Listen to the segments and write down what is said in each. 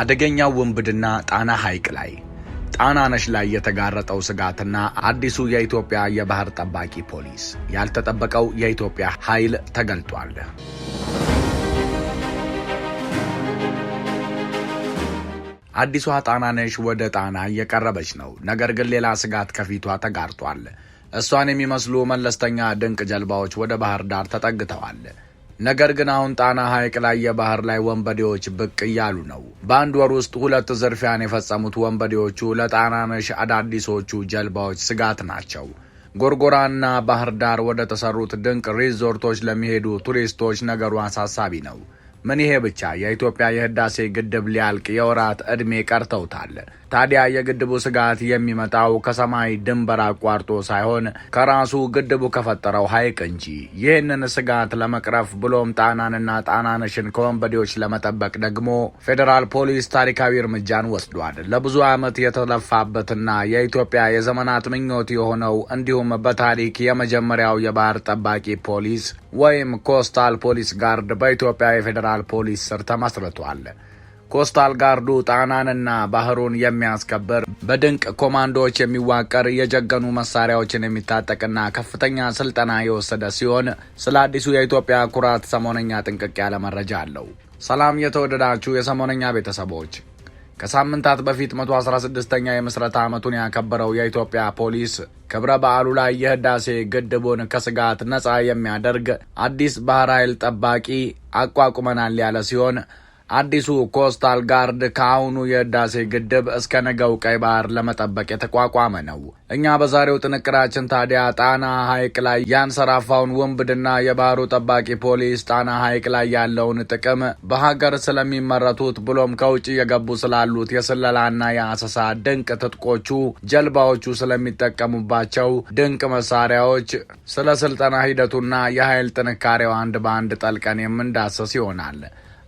አደገኛው ውንብድና ጣና ሐይቅ ላይ ጣናነሽ ላይ የተጋረጠው ስጋትና አዲሱ የኢትዮጵያ የባህር ጠባቂ ፖሊስ ያልተጠበቀው የኢትዮጵያ ኃይል ተገልጧል። አዲሷ ጣናነሽ ወደ ጣና እየቀረበች ነው። ነገር ግን ሌላ ስጋት ከፊቷ ተጋርጧል። እሷን የሚመስሉ መለስተኛ ድንቅ ጀልባዎች ወደ ባህር ዳር ተጠግተዋል። ነገር ግን አሁን ጣና ሐይቅ ላይ የባህር ላይ ወንበዴዎች ብቅ እያሉ ነው። በአንድ ወር ውስጥ ሁለት ዝርፊያን የፈጸሙት ወንበዴዎቹ ለጣናነሽ አዳዲሶቹ ጀልባዎች ስጋት ናቸው። ጎርጎራና ባህር ዳር ወደ ተሰሩት ድንቅ ሪዞርቶች ለሚሄዱ ቱሪስቶች ነገሩ አሳሳቢ ነው። ምን ይሄ ብቻ የኢትዮጵያ የህዳሴ ግድብ ሊያልቅ የወራት ዕድሜ ቀርተውታል። ታዲያ የግድቡ ስጋት የሚመጣው ከሰማይ ድንበር አቋርጦ ሳይሆን ከራሱ ግድቡ ከፈጠረው ሐይቅ እንጂ። ይህንን ስጋት ለመቅረፍ ብሎም ጣናንና ጣናነሽን ከወንበዴዎች ለመጠበቅ ደግሞ ፌዴራል ፖሊስ ታሪካዊ እርምጃን ወስዷል። ለብዙ ዓመት የተለፋበትና የኢትዮጵያ የዘመናት ምኞት የሆነው እንዲሁም በታሪክ የመጀመሪያው የባህር ጠባቂ ፖሊስ ወይም ኮስታል ፖሊስ ጋርድ በኢትዮጵያ የፌዴራል ፖሊስ ስር ተመስርቷል። ኮስታል ጋርዱ ጣናንና ባህሩን የሚያስከብር በድንቅ ኮማንዶዎች የሚዋቀር የጀገኑ መሳሪያዎችን የሚታጠቅና ከፍተኛ ስልጠና የወሰደ ሲሆን ስለ አዲሱ የኢትዮጵያ ኩራት ሰሞነኛ ጥንቅቅ ያለ መረጃ አለው። ሰላም የተወደዳችሁ የሰሞነኛ ቤተሰቦች ከሳምንታት በፊት 116ኛ የምስረታ ዓመቱን ያከበረው የኢትዮጵያ ፖሊስ ክብረ በዓሉ ላይ የህዳሴ ግድቡን ከስጋት ነፃ የሚያደርግ አዲስ ባህር ኃይል ጠባቂ አቋቁመናል ያለ ሲሆን አዲሱ ኮስታል ጋርድ ከአሁኑ የህዳሴ ግድብ እስከ ነገው ቀይ ባህር ለመጠበቅ የተቋቋመ ነው። እኛ በዛሬው ጥንቅራችን ታዲያ ጣና ሐይቅ ላይ ያንሰራፋውን ውንብድና፣ የባህሩ ጠባቂ ፖሊስ ጣና ሐይቅ ላይ ያለውን ጥቅም፣ በሀገር ስለሚመረቱት ብሎም ከውጭ የገቡ ስላሉት የስለላና የአሰሳ ድንቅ ትጥቆቹ፣ ጀልባዎቹ ስለሚጠቀሙባቸው ድንቅ መሳሪያዎች፣ ስለ ስልጠና ሂደቱና የኃይል ጥንካሬው አንድ በአንድ ጠልቀን የምንዳሰስ ይሆናል።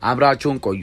አብራችሁን ቆዩ።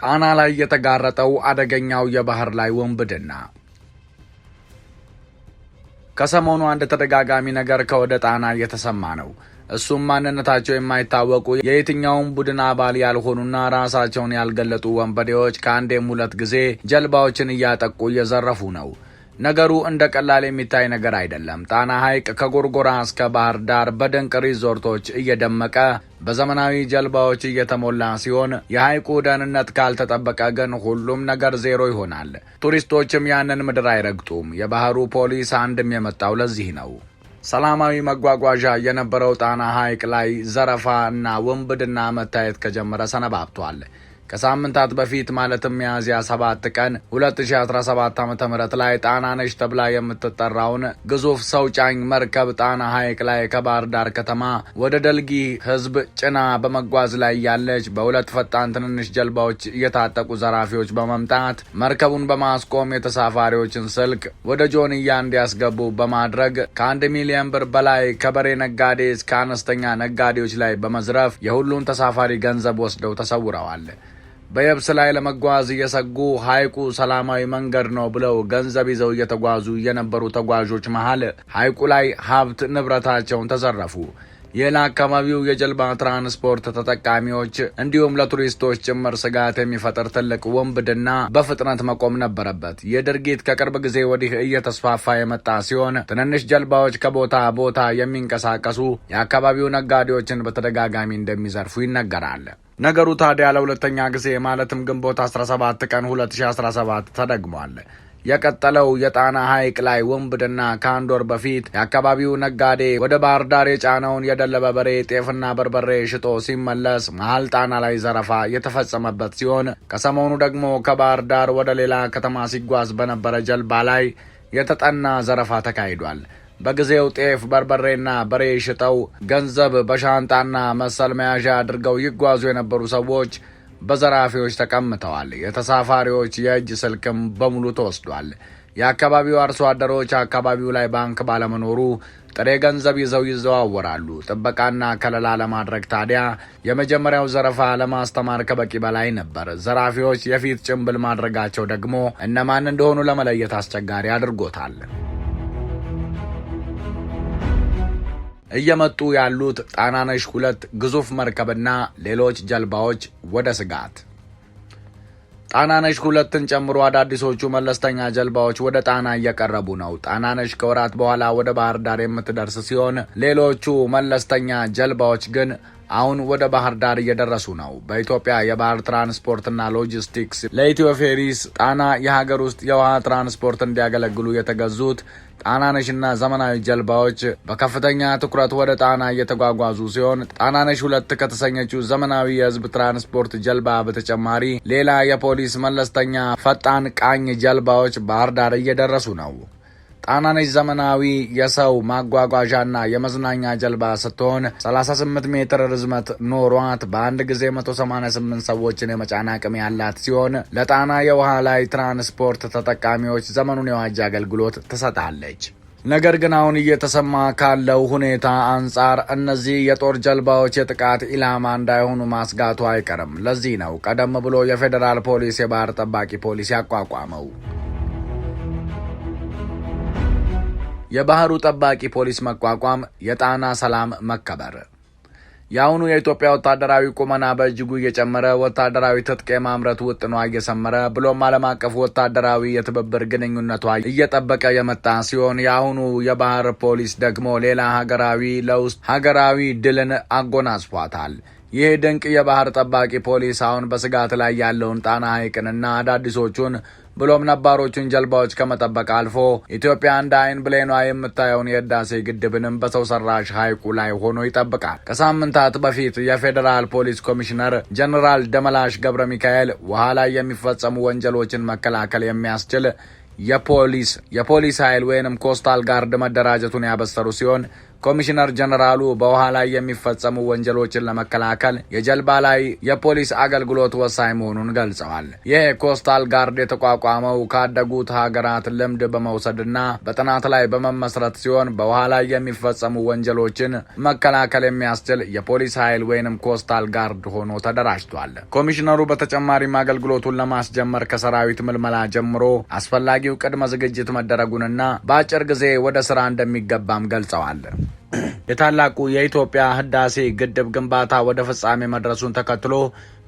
ጣና ላይ የተጋረጠው አደገኛው የባህር ላይ ወንብድና ከሰሞኑ አንድ ተደጋጋሚ ነገር ከወደ ጣና እየተሰማ ነው። እሱም ማንነታቸው የማይታወቁ የየትኛውም ቡድን አባል ያልሆኑና ራሳቸውን ያልገለጡ ወንበዴዎች ከአንዴም ሁለት ጊዜ ጀልባዎችን እያጠቁ እየዘረፉ ነው። ነገሩ እንደ ቀላል የሚታይ ነገር አይደለም። ጣና ሐይቅ ከጎርጎራ እስከ ባህር ዳር በድንቅ ሪዞርቶች እየደመቀ በዘመናዊ ጀልባዎች እየተሞላ ሲሆን የሐይቁ ደህንነት ካልተጠበቀ ግን ሁሉም ነገር ዜሮ ይሆናል። ቱሪስቶችም ያንን ምድር አይረግጡም። የባህሩ ፖሊስ አንድም የመጣው ለዚህ ነው። ሰላማዊ መጓጓዣ የነበረው ጣና ሐይቅ ላይ ዘረፋ እና ውንብድና መታየት ከጀመረ ሰነባብቷል። ከሳምንታት በፊት ማለትም ሚያዝያ 7 ቀን 2017 ዓ ም ላይ ጣና ነሽ ተብላ የምትጠራውን ግዙፍ ሰው ጫኝ መርከብ ጣና ሐይቅ ላይ ከባህር ዳር ከተማ ወደ ደልጊ ህዝብ ጭና በመጓዝ ላይ ያለች በሁለት ፈጣን ትንንሽ ጀልባዎች እየታጠቁ ዘራፊዎች በመምጣት መርከቡን በማስቆም የተሳፋሪዎችን ስልክ ወደ ጆንያ እንዲያስገቡ በማድረግ ከአንድ ሚሊዮን ብር በላይ ከበሬ ነጋዴ እስከ አነስተኛ ነጋዴዎች ላይ በመዝረፍ የሁሉን ተሳፋሪ ገንዘብ ወስደው ተሰውረዋል። በየብስ ላይ ለመጓዝ እየሰጉ ሐይቁ ሰላማዊ መንገድ ነው ብለው ገንዘብ ይዘው እየተጓዙ የነበሩ ተጓዦች መሃል ሐይቁ ላይ ሀብት ንብረታቸውን ተዘረፉ። ይህ ለአካባቢው የጀልባ ትራንስፖርት ተጠቃሚዎች እንዲሁም ለቱሪስቶች ጭምር ስጋት የሚፈጥር ትልቅ ወንብድና በፍጥነት መቆም ነበረበት። ይህ ድርጊት ከቅርብ ጊዜ ወዲህ እየተስፋፋ የመጣ ሲሆን ትንንሽ ጀልባዎች ከቦታ ቦታ የሚንቀሳቀሱ የአካባቢው ነጋዴዎችን በተደጋጋሚ እንደሚዘርፉ ይነገራል። ነገሩ ታዲያ ለሁለተኛ ጊዜ ማለትም ግንቦት 17 ቀን 2017 ተደግሟል። የቀጠለው የጣና ሐይቅ ላይ ወንብድና ከአንድ ወር በፊት የአካባቢው ነጋዴ ወደ ባህር ዳር የጫነውን የደለበ በሬ ጤፍና በርበሬ ሽጦ ሲመለስ መሀል ጣና ላይ ዘረፋ የተፈጸመበት ሲሆን ከሰሞኑ ደግሞ ከባህር ዳር ወደ ሌላ ከተማ ሲጓዝ በነበረ ጀልባ ላይ የተጠና ዘረፋ ተካሂዷል። በጊዜው ጤፍ፣ በርበሬና በሬ ሽጠው ገንዘብ በሻንጣና መሰል መያዣ አድርገው ይጓዙ የነበሩ ሰዎች በዘራፊዎች ተቀምተዋል። የተሳፋሪዎች የእጅ ስልክም በሙሉ ተወስዷል። የአካባቢው አርሶ አደሮች አካባቢው ላይ ባንክ ባለመኖሩ ጥሬ ገንዘብ ይዘው ይዘዋወራሉ። ጥበቃና ከለላ ለማድረግ ታዲያ የመጀመሪያው ዘረፋ ለማስተማር ከበቂ በላይ ነበር። ዘራፊዎች የፊት ጭንብል ማድረጋቸው ደግሞ እነማን እንደሆኑ ለመለየት አስቸጋሪ አድርጎታል። እየመጡ ያሉት ጣናነሽ ሁለት ግዙፍ መርከብና ሌሎች ጀልባዎች ወደ ስጋት ጣናነሽ ሁለትን ጨምሮ አዳዲሶቹ መለስተኛ ጀልባዎች ወደ ጣና እየቀረቡ ነው። ጣናነሽ ከወራት በኋላ ወደ ባህር ዳር የምትደርስ ሲሆን ሌሎቹ መለስተኛ ጀልባዎች ግን አሁን ወደ ባህር ዳር እየደረሱ ነው። በኢትዮጵያ የባህር ትራንስፖርትና ሎጂስቲክስ ለኢትዮ ፌሪስ ጣና የሀገር ውስጥ የውሃ ትራንስፖርት እንዲያገለግሉ የተገዙት ጣናነሽና ዘመናዊ ጀልባዎች በከፍተኛ ትኩረት ወደ ጣና እየተጓጓዙ ሲሆን ጣናነሽ ሁለት ከተሰኘችው ዘመናዊ የህዝብ ትራንስፖርት ጀልባ በተጨማሪ ሌላ የፖሊስ መለስተኛ ፈጣን ቃኝ ጀልባዎች ባህር ዳር እየደረሱ ነው። ጣናነች ዘመናዊ የሰው ማጓጓዣና የመዝናኛ ጀልባ ስትሆን 38 ሜትር ርዝመት ኖሯት በአንድ ጊዜ 188 ሰዎችን የመጫን አቅም ያላት ሲሆን ለጣና የውሃ ላይ ትራንስፖርት ተጠቃሚዎች ዘመኑን የዋጅ አገልግሎት ትሰጣለች። ነገር ግን አሁን እየተሰማ ካለው ሁኔታ አንጻር እነዚህ የጦር ጀልባዎች የጥቃት ኢላማ እንዳይሆኑ ማስጋቱ አይቀርም። ለዚህ ነው ቀደም ብሎ የፌዴራል ፖሊስ የባህር ጠባቂ ፖሊስ ያቋቋመው። የባህሩ ጠባቂ ፖሊስ መቋቋም፣ የጣና ሰላም መከበር። የአሁኑ የኢትዮጵያ ወታደራዊ ቁመና በእጅጉ እየጨመረ ወታደራዊ ትጥቅ የማምረት ውጥኗ እየሰመረ ብሎም ዓለም አቀፍ ወታደራዊ የትብብር ግንኙነቷ እየጠበቀ የመጣ ሲሆን የአሁኑ የባህር ፖሊስ ደግሞ ሌላ ሀገራዊ ለውስጥ ሀገራዊ ድልን አጎናጽፏታል። ይህ ድንቅ የባህር ጠባቂ ፖሊስ አሁን በስጋት ላይ ያለውን ጣና ሐይቅንና አዳዲሶቹን ብሎም ነባሮቹን ጀልባዎች ከመጠበቅ አልፎ ኢትዮጵያ እንደ አይን ብሌኗ የምታየውን የህዳሴ ግድብንም በሰው ሰራሽ ሐይቁ ላይ ሆኖ ይጠብቃል። ከሳምንታት በፊት የፌዴራል ፖሊስ ኮሚሽነር ጀኔራል ደመላሽ ገብረ ሚካኤል ውሃ ላይ የሚፈጸሙ ወንጀሎችን መከላከል የሚያስችል የፖሊስ የፖሊስ ኃይል ወይንም ኮስታል ጋርድ መደራጀቱን ያበሰሩ ሲሆን ኮሚሽነር ጀነራሉ በውሃ ላይ የሚፈጸሙ ወንጀሎችን ለመከላከል የጀልባ ላይ የፖሊስ አገልግሎት ወሳኝ መሆኑን ገልጸዋል። ይህ ኮስታል ጋርድ የተቋቋመው ካደጉት ሀገራት ልምድ በመውሰድና በጥናት ላይ በመመስረት ሲሆን በውሃ ላይ የሚፈጸሙ ወንጀሎችን መከላከል የሚያስችል የፖሊስ ኃይል ወይንም ኮስታል ጋርድ ሆኖ ተደራጅቷል። ኮሚሽነሩ በተጨማሪም አገልግሎቱን ለማስጀመር ከሰራዊት ምልመላ ጀምሮ አስፈላጊው ቅድመ ዝግጅት መደረጉንና በአጭር ጊዜ ወደ ስራ እንደሚገባም ገልጸዋል። የታላቁ የኢትዮጵያ ህዳሴ ግድብ ግንባታ ወደ ፍጻሜ መድረሱን ተከትሎ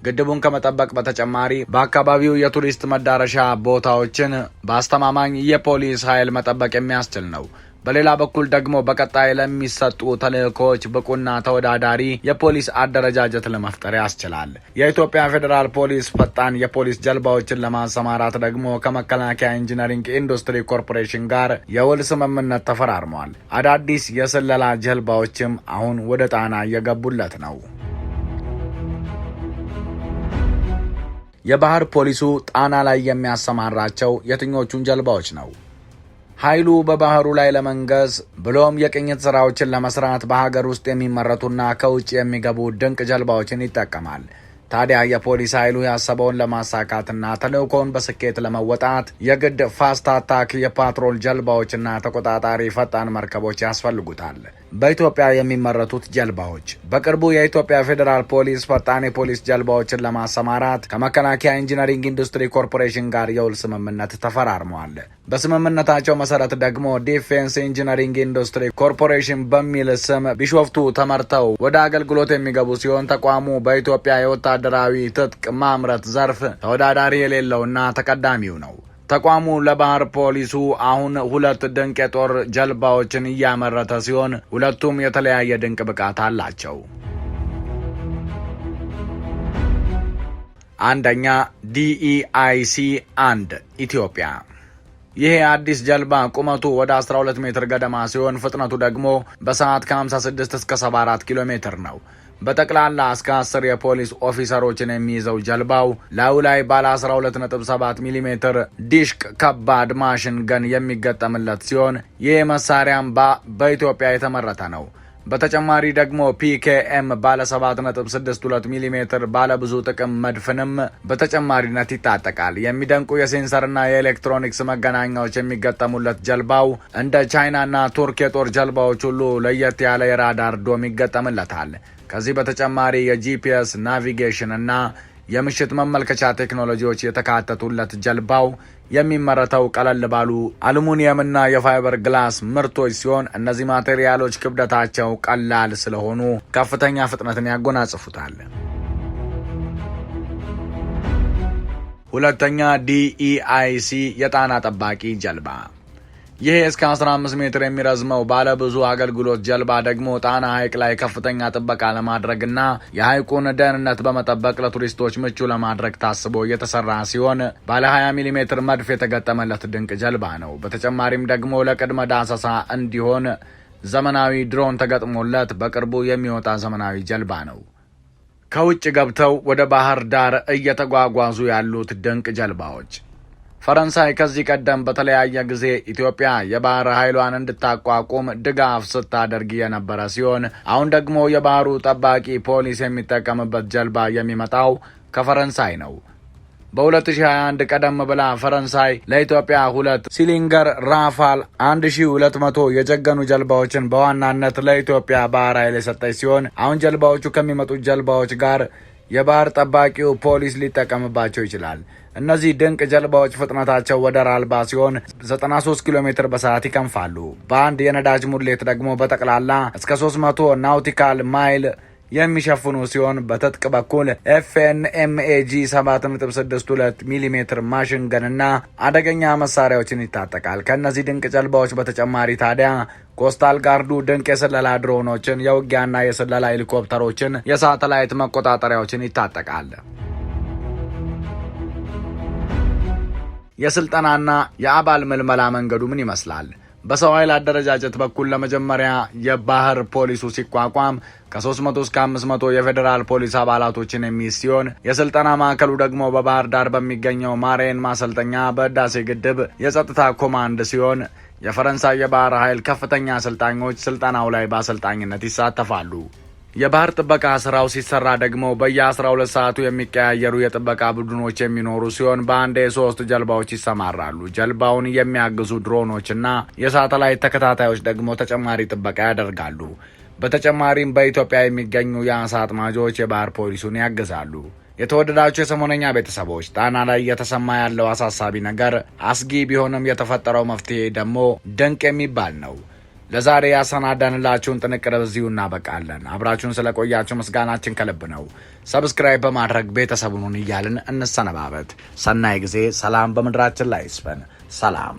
ግድቡን ከመጠበቅ በተጨማሪ በአካባቢው የቱሪስት መዳረሻ ቦታዎችን በአስተማማኝ የፖሊስ ኃይል መጠበቅ የሚያስችል ነው። በሌላ በኩል ደግሞ በቀጣይ ለሚሰጡ ተልእኮዎች ብቁና ተወዳዳሪ የፖሊስ አደረጃጀት ለመፍጠር ያስችላል። የኢትዮጵያ ፌዴራል ፖሊስ ፈጣን የፖሊስ ጀልባዎችን ለማሰማራት ደግሞ ከመከላከያ ኢንጂነሪንግ ኢንዱስትሪ ኮርፖሬሽን ጋር የውል ስምምነት ተፈራርሟል። አዳዲስ የስለላ ጀልባዎችም አሁን ወደ ጣና እየገቡለት ነው። የባህር ፖሊሱ ጣና ላይ የሚያሰማራቸው የትኞቹን ጀልባዎች ነው? ኃይሉ በባህሩ ላይ ለመንገስ ብሎም የቅኝት ስራዎችን ለመስራት በሀገር ውስጥ የሚመረቱና ከውጭ የሚገቡ ድንቅ ጀልባዎችን ይጠቀማል። ታዲያ የፖሊስ ኃይሉ ያሰበውን ለማሳካትና ተልእኮውን በስኬት ለመወጣት የግድ ፋስት አታክ የፓትሮል ጀልባዎችና ተቆጣጣሪ ፈጣን መርከቦች ያስፈልጉታል። በኢትዮጵያ የሚመረቱት ጀልባዎች በቅርቡ የኢትዮጵያ ፌዴራል ፖሊስ ፈጣን የፖሊስ ጀልባዎችን ለማሰማራት ከመከላከያ ኢንጂነሪንግ ኢንዱስትሪ ኮርፖሬሽን ጋር የውል ስምምነት ተፈራርመዋል። በስምምነታቸው መሰረት ደግሞ ዲፌንስ ኢንጂነሪንግ ኢንዱስትሪ ኮርፖሬሽን በሚል ስም ቢሾፍቱ ተመርተው ወደ አገልግሎት የሚገቡ ሲሆን ተቋሙ በኢትዮጵያ የወታ ወታደራዊ ትጥቅ ማምረት ዘርፍ ተወዳዳሪ የሌለውና ተቀዳሚው ነው። ተቋሙ ለባህር ፖሊሱ አሁን ሁለት ድንቅ የጦር ጀልባዎችን እያመረተ ሲሆን ሁለቱም የተለያየ ድንቅ ብቃት አላቸው። አንደኛ ዲኢአይሲ አንድ ኢትዮጵያ። ይህ አዲስ ጀልባ ቁመቱ ወደ 12 ሜትር ገደማ ሲሆን ፍጥነቱ ደግሞ በሰዓት ከ56 እስከ 74 ኪሎ ሜትር ነው። በጠቅላላ እስከ አስር የፖሊስ ኦፊሰሮችን የሚይዘው ጀልባው ላዩ ላይ ባለ 127 ሚሜ ሜትር ዲሽቅ ከባድ ማሽን ገን የሚገጠምለት ሲሆን ይህ መሳሪያም በኢትዮጵያ የተመረተ ነው። በተጨማሪ ደግሞ ፒኬኤም ባለ 7.62 ሚሜ ባለ ብዙ ጥቅም መድፍንም በተጨማሪነት ይታጠቃል። የሚደንቁ የሴንሰርና የኤሌክትሮኒክስ መገናኛዎች የሚገጠሙለት ጀልባው እንደ ቻይናና ቱርክ የጦር ጀልባዎች ሁሉ ለየት ያለ የራዳር ዶም ይገጠምለታል። ከዚህ በተጨማሪ የጂፒኤስ ናቪጌሽን እና የምሽት መመልከቻ ቴክኖሎጂዎች የተካተቱለት ጀልባው የሚመረተው ቀለል ባሉ አልሙኒየምና የፋይበር ግላስ ምርቶች ሲሆን እነዚህ ማቴሪያሎች ክብደታቸው ቀላል ስለሆኑ ከፍተኛ ፍጥነትን ያጎናጽፉታል። ሁለተኛ ዲኢአይሲ የጣና ጠባቂ ጀልባ ይህ እስከ 15 ሜትር የሚረዝመው ባለ ብዙ አገልግሎት ጀልባ ደግሞ ጣና ሐይቅ ላይ ከፍተኛ ጥበቃ ለማድረግና የሐይቁን ደህንነት በመጠበቅ ለቱሪስቶች ምቹ ለማድረግ ታስቦ እየተሰራ ሲሆን ባለ 20 ሚሜ ሜትር መድፍ የተገጠመለት ድንቅ ጀልባ ነው። በተጨማሪም ደግሞ ለቅድመ ዳሰሳ እንዲሆን ዘመናዊ ድሮን ተገጥሞለት በቅርቡ የሚወጣ ዘመናዊ ጀልባ ነው። ከውጭ ገብተው ወደ ባህር ዳር እየተጓጓዙ ያሉት ድንቅ ጀልባዎች ፈረንሳይ ከዚህ ቀደም በተለያየ ጊዜ ኢትዮጵያ የባህር ኃይሏን እንድታቋቁም ድጋፍ ስታደርግ የነበረ ሲሆን አሁን ደግሞ የባህሩ ጠባቂ ፖሊስ የሚጠቀምበት ጀልባ የሚመጣው ከፈረንሳይ ነው። በ2021 ቀደም ብላ ፈረንሳይ ለኢትዮጵያ ሁለት ሲሊንገር ራፋል 1200 የጀገኑ ጀልባዎችን በዋናነት ለኢትዮጵያ ባህር ኃይል የሰጠች ሲሆን አሁን ጀልባዎቹ ከሚመጡት ጀልባዎች ጋር የባህር ጠባቂው ፖሊስ ሊጠቀምባቸው ይችላል። እነዚህ ድንቅ ጀልባዎች ፍጥነታቸው ወደር አልባ ሲሆን 93 ኪሎ ሜትር በሰዓት ይከንፋሉ። በአንድ የነዳጅ ሙሌት ደግሞ በጠቅላላ እስከ 300 ናውቲካል ማይል የሚሸፍኑ ሲሆን በትጥቅ በኩል ኤፍኤንኤምኤጂ 7.62 ሚሜ ማሽን ገንና አደገኛ መሳሪያዎችን ይታጠቃል። ከእነዚህ ድንቅ ጀልባዎች በተጨማሪ ታዲያ ኮስታል ጋርዱ ድንቅ የስለላ ድሮኖችን፣ የውጊያና የስለላ ሄሊኮፕተሮችን፣ የሳተላይት መቆጣጠሪያዎችን ይታጠቃል። የስልጠናና የአባል ምልመላ መንገዱ ምን ይመስላል? በሰው ኃይል አደረጃጀት በኩል ለመጀመሪያ የባህር ፖሊሱ ሲቋቋም ከ300 እስከ 500 የፌዴራል ፖሊስ አባላቶችን የሚይዝ ሲሆን የስልጠና ማዕከሉ ደግሞ በባህር ዳር በሚገኘው ማሬን ማሰልጠኛ በህዳሴ ግድብ የጸጥታ ኮማንድ ሲሆን የፈረንሳይ የባህር ኃይል ከፍተኛ አሰልጣኞች ስልጠናው ላይ በአሰልጣኝነት ይሳተፋሉ። የባህር ጥበቃ ስራው ሲሰራ ደግሞ በየ12 ሰዓቱ የሚቀያየሩ የጥበቃ ቡድኖች የሚኖሩ ሲሆን በአንድ የሶስት ጀልባዎች ይሰማራሉ። ጀልባውን የሚያግዙ ድሮኖችና የሳተላይት ተከታታዮች ደግሞ ተጨማሪ ጥበቃ ያደርጋሉ። በተጨማሪም በኢትዮጵያ የሚገኙ የአሳ አጥማጆች የባህር ፖሊሱን ያግዛሉ። የተወደዳችሁ የሰሞነኛ ቤተሰቦች ጣና ላይ እየተሰማ ያለው አሳሳቢ ነገር አስጊ ቢሆንም የተፈጠረው መፍትሄ ደግሞ ድንቅ የሚባል ነው። ለዛሬ ያሰናዳንላችሁን ጥንቅር በዚሁ እናበቃለን። አብራችሁን ስለቆያችሁ ምስጋናችን ከልብ ነው። ሰብስክራይብ በማድረግ ቤተሰቡን እያልን እንሰነባበት። ሰናይ ጊዜ። ሰላም በምድራችን ላይ ይስፈን። ሰላም